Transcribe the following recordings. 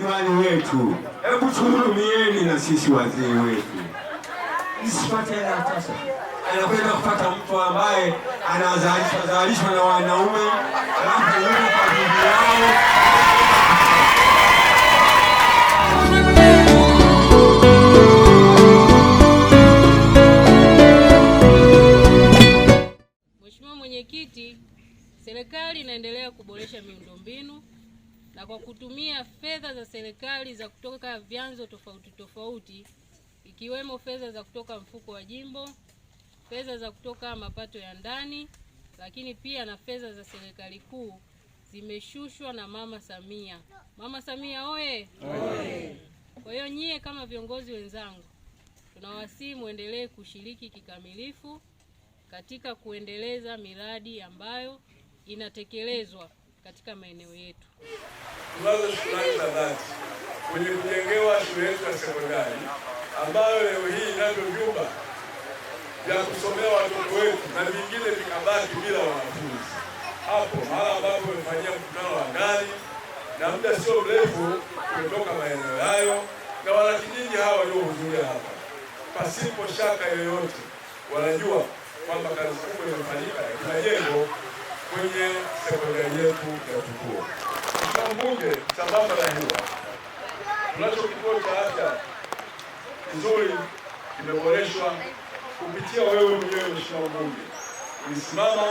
diwani wetu, hebu tuhurumieni na sisi wazee wetu, msipate hela sasa. Anakwenda kupata mtu ambaye anazalishwa zalishwa na wanaume alafu yao Serikali inaendelea kuboresha miundombinu na kwa kutumia fedha za serikali za kutoka vyanzo tofauti tofauti ikiwemo fedha za kutoka mfuko wa jimbo, fedha za kutoka mapato ya ndani, lakini pia na fedha za serikali kuu zimeshushwa na Mama Samia. Mama Samia oye! Kwa hiyo nyie kama viongozi wenzangu, tunawasihi muendelee kushiriki kikamilifu katika kuendeleza miradi ambayo inatekelezwa katika maeneo yetu. Tunazo shukrani za dhati kwenye kujengewa shule yetu ya sekondari ambayo leo hii inavyo vyumba vya kusomea watoto wetu na vingine vikabaki bila wanafunzi. Hapo mahala ambapo umefanyia mkutano wa ndani na muda sio mrefu kutoka maeneo hayo na wanakijiji hawa waliohudhuria hapa, pasipo shaka yoyote, wanajua kwamba kazi kubwa imefanyika ya jengo kwenye sekondari yetu ya Tukio. Mheshimiwa Mbunge, sambamba na hiyo, tunacho kituo cha afya kizuri kimeboreshwa kupitia wewe mwenyewe Mheshimiwa Mbunge. Ulisimama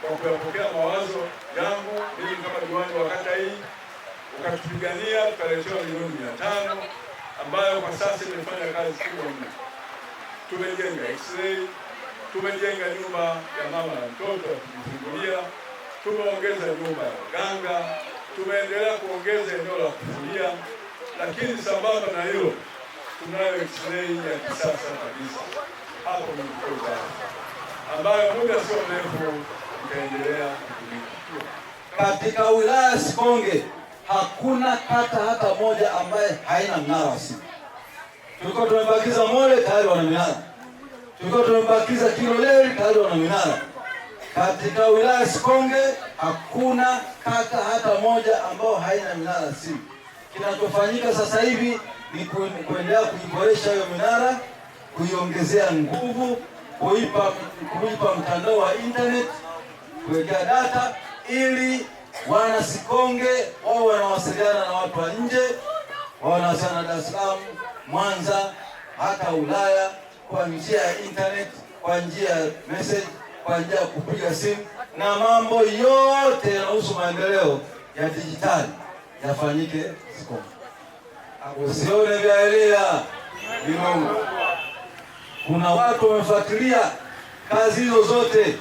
kwa kuyapokea mawazo yangu mimi kama diwani wa kata hii, ukatupigania tukaletewa milioni mia tano ambayo kwa sasa imefanya kazi kubwa mno. Tumejenga x-ray tumejenga nyumba ya mama na mtoto ya kujifungulia tumeongeza nyumba ya waganga, tumeendelea kuongeza eneo la kufulia, lakini sambamba na hilo tunayo x-ray ya kisasa kabisa hapo mkoa ambayo muda sio mrefu itaendelea kutumika katika wilaya Sikonge. Hakuna kata hata moja ambaye haina mnara wa simu. Tulikuwa tumebakiza Mole, tayari wana minara. Tulikuwa tumebakiza Kiloleli, tayari wana minara katika wilaya Sikonge hakuna kata hata moja ambayo haina minara ya simu. Kinachofanyika sasa hivi ni kuendelea kuiboresha hiyo minara, kuiongezea nguvu, kuipa kuipa mtandao wa internet, kuwekea data ili wana Sikonge wao wanawasiliana na watu wa nje, wanawasiliana na Dar es Salaam, Mwanza, hata Ulaya kwa njia ya internet, kwa njia ya message kwa kupiga simu na mambo yote yanahusu maendeleo ya dijitali yafanyike Sikonge. Usione vya Elia ni Mungu. Kuna watu wamefuatilia kazi hizo zote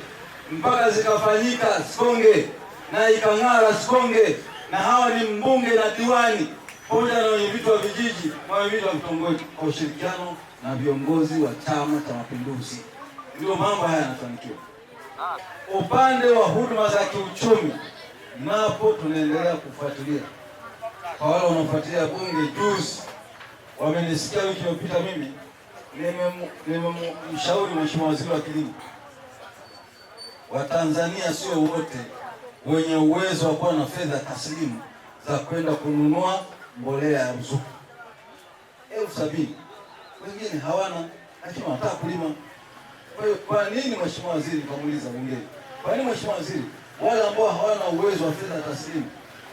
mpaka zikafanyika Sikonge na ikang'ara Sikonge, na hawa ni mbunge na diwani pamoja na wenyeviti wa vijiji na wenyeviti wa vitongoji kwa ushirikiano na viongozi wa Chama cha Mapinduzi, ndio mambo haya yanafanikiwa. Upande wa huduma za kiuchumi, napo tunaendelea kufuatilia. Kwa wale wanaofuatilia bunge, juzi wamenisikia, wiki iliyopita mimi nimemshauri Mheshimiwa Waziri wa Kilimo, Watanzania sio wote wenye uwezo wa kuwa na fedha taslimu za kwenda kununua mbolea ya ruzuku elfu sabini. Wengine hawana, lakini wanataka kulima. Kwa hiyo kwa nini mheshimiwa waziri, nikamuuliza bungeni, kwa nini mheshimiwa waziri, wale ambao hawana uwezo wa fedha taslimu,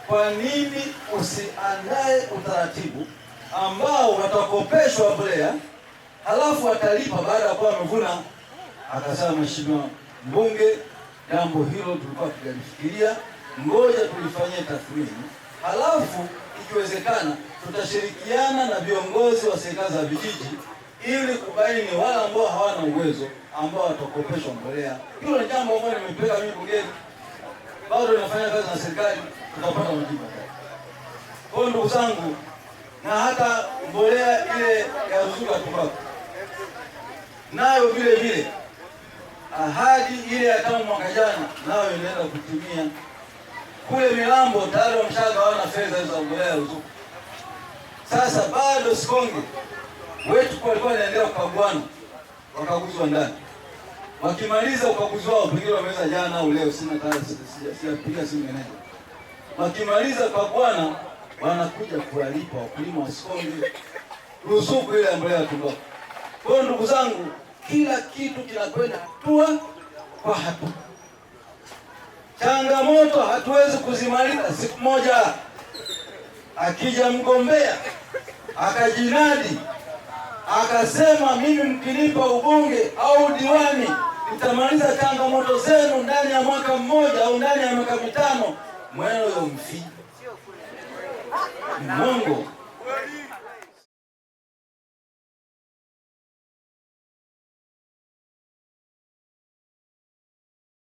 kwa nini usiandae utaratibu ambao watakopeshwa brea halafu watalipa baada ya kuwa wamevuna? Akasema mheshimiwa mbunge, jambo hilo tulikuwa tukalifikiria, ngoja tulifanyie tathmini, halafu ikiwezekana tutashirikiana na viongozi wa serikali za vijiji ili kubaini wale ambao hawana uwezo ambao watakopeshwa mbolea. Hilo ni jambo ambalo nimepeleka mimi bungeni, bado nafanya kazi na serikali, tutapata majibu. Kwa hiyo ndugu zangu, na hata mbolea ile ya ruzuku ya tumbaku nayo vile vile, ahadi ile ya tamu mwaka jana nayo inaenda kutumia Kule Milambo tayari wameshagawana fedha za mbolea ya ruzuku, sasa bado Sikonge wetu walikuwa wanaendelea kukagwana, wakaguzwa ndani, wakimaliza ukaguzi wao, pengine wameweza jana au leo, sina sijapiga simu meneja. Wakimaliza kukagwana, wanakuja kuwalipa wakulima wasikonge ruzuku ile ambayo ya tumbaku. Kwa hiyo ndugu zangu, kila kitu kinakwenda hatua kwa hatua. Changamoto hatuwezi kuzimaliza siku moja. Akija mgombea akajinadi akasema, mimi mkinipa ubunge au diwani nitamaliza changamoto zenu ndani ya mwaka mmoja au ndani ya miaka mitano. Mwelo yomfi Mungu